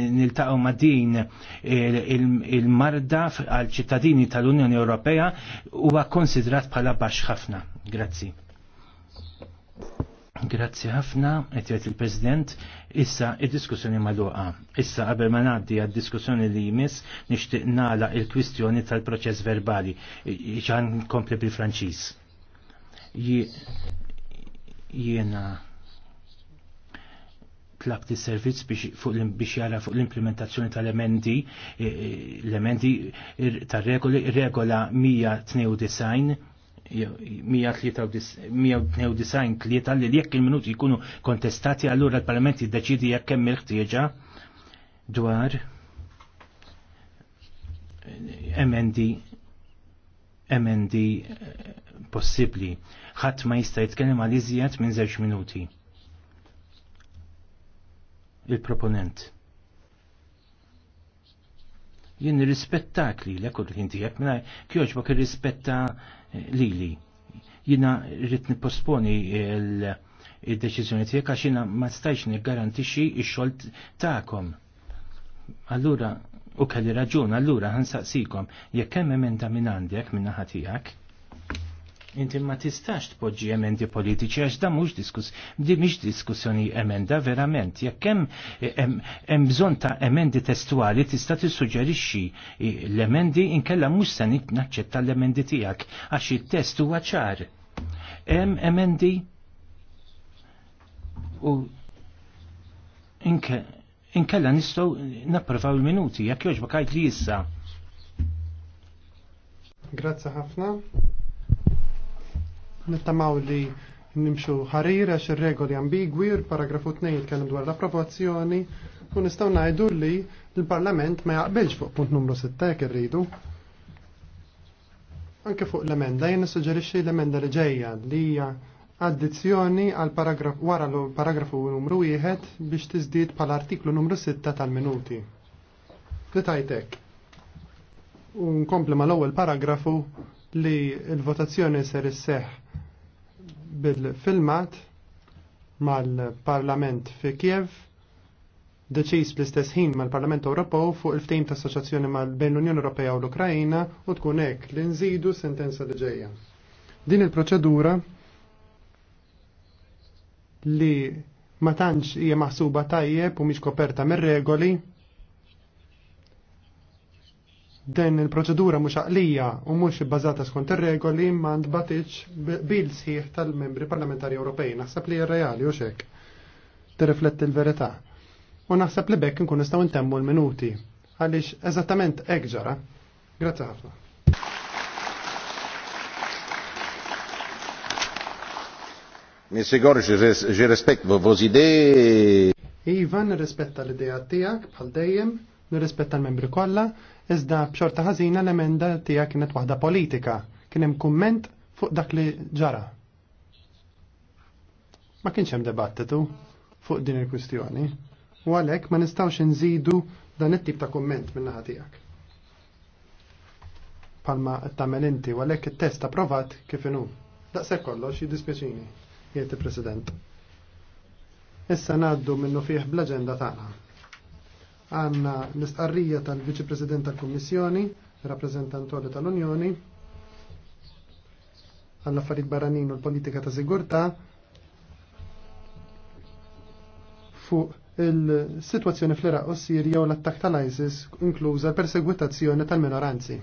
niltaqgħu ma' din il-marda għal ċittadini tal-Unjoni Ewropea huwa konsidrat bħala baxx ħafna. Grazzi. Grazzi ħafna, qed jgħid il-President, issa id-diskussjoni magħluqa. Issa qabel ma ngħaddi għad-diskussjoni li jmiss nixtieq nagħlaq il-kwistjoni tal-proċess verbali. Ġan kompli bil-Franċiż. Jiena tlabt il-servizz biex jara fuq l-implementazzjoni tal-emendi, e, e, l-emendi tal-regoli, regola 192 193 tlieta li jekk il-minuti jkunu kontestati għallura l-Parlament jiddeċidi jekk hemm il-ħtieġa dwar MND emendi eh, possibbli. Ħadd ma jista' jitkellem għal iżjed minn żewġ minuti il-proponent. Jien rispettak li l-ekod li jinti jek kjoċ kjoġbok rispetta eh, li li. Jina rrit niposponi il-deċizjoni tijek għax jina ma stajx garantixi il-xol ta'kom. Allura, u kelli raġun, allura ħansaqsikom, jekk hemm emenda minn għandek minn naħa tiegħek, Inti ma tistax tpoġġi emendi politiċi għax da mhux diskuss, di mhix diskussjoni emenda verament. Jekk hemm hemm bżonn ta' emendi testuali tista' tissuġġerixxi l-emendi inkella mhux se naċċetta l-emendi tiegħek għax it-test huwa ċar. Hemm emendi u inkella nistgħu napprovaw il-minuti jekk jogħġbok għajt li issa. Grazzi ħafna. Nittamaw li nimxu ħarira għax ir-regoli ambigwi l-paragrafu 2 jitkellem dwar l-approvazzjoni u nistgħu ngħidu li l-Parlament ma jaqbilx fuq punt numru 6 jekk irridu. Anke fuq l-emenda jien nissuġġerixxi l-emenda li ġejja li hija addizzjoni għal paragraf wara l-paragrafu numru 1 biex tiżdied pal artiklu numru 6 tal-minuti. Li tajtek komplema mal ewwel paragrafu li l-votazzjoni ser isseħ bil-filmat mal-Parlament fi Kiev deċiż bl-istess ħin mal-Parlament Ewropew fuq il-ftehim ta' assoċjazzjoni bejn l-Unjoni Ewropea u l-Ukrajna u tkun hekk li nżidu sentenza li ġejja. Din il-proċedura li ma tantx hija maħsuba tajjeb u mhix koperta mir-regoli den il-proċedura mhux għaqlija u mhux bbażata skont ir-regoli imman dbatiċ bil sħiħ tal-membri parlamentari Ewropej. Naħseb li reali u xek. Tirrifletti l-verità. U naħseb li bekk nkun nistgħu ntemmu l-minuti għaliex eżattament hekk ġara. Grazzi ħafna. Mr. Gorge, je respecte vos idées. Ivan rispetta l-idea tiegħek bħal dejjem nirrispetta l-membri kollha, iżda b'xorta ħażina l-emenda tiegħek kienet waħda politika. Kien hemm kumment fuq dak li ġara. Ma kienx hemm debattitu fuq din il-kwistjoni. U għalhekk ma nistgħux inżidu dan it-tip ta' kumment min-naħa tiegħek. Palma tagħmel inti u għalhekk it-test approvat kif inhu. Daqshekk kollox jiddispjaċini, jgħid il-President. Issa ngħaddu minnu fih bl-aġenda tagħna għanna l-istqarrija tal-Viċi President tal-Kommissjoni, rappresentantoli tal-Unjoni, għall affarijiet barranin u l-politika ta' sigurtà fuq il-sitwazzjoni fl-Iraq u Sirja u l-attak tal-ISIS, inkluża l-persegwitazzjoni tal-minoranzi.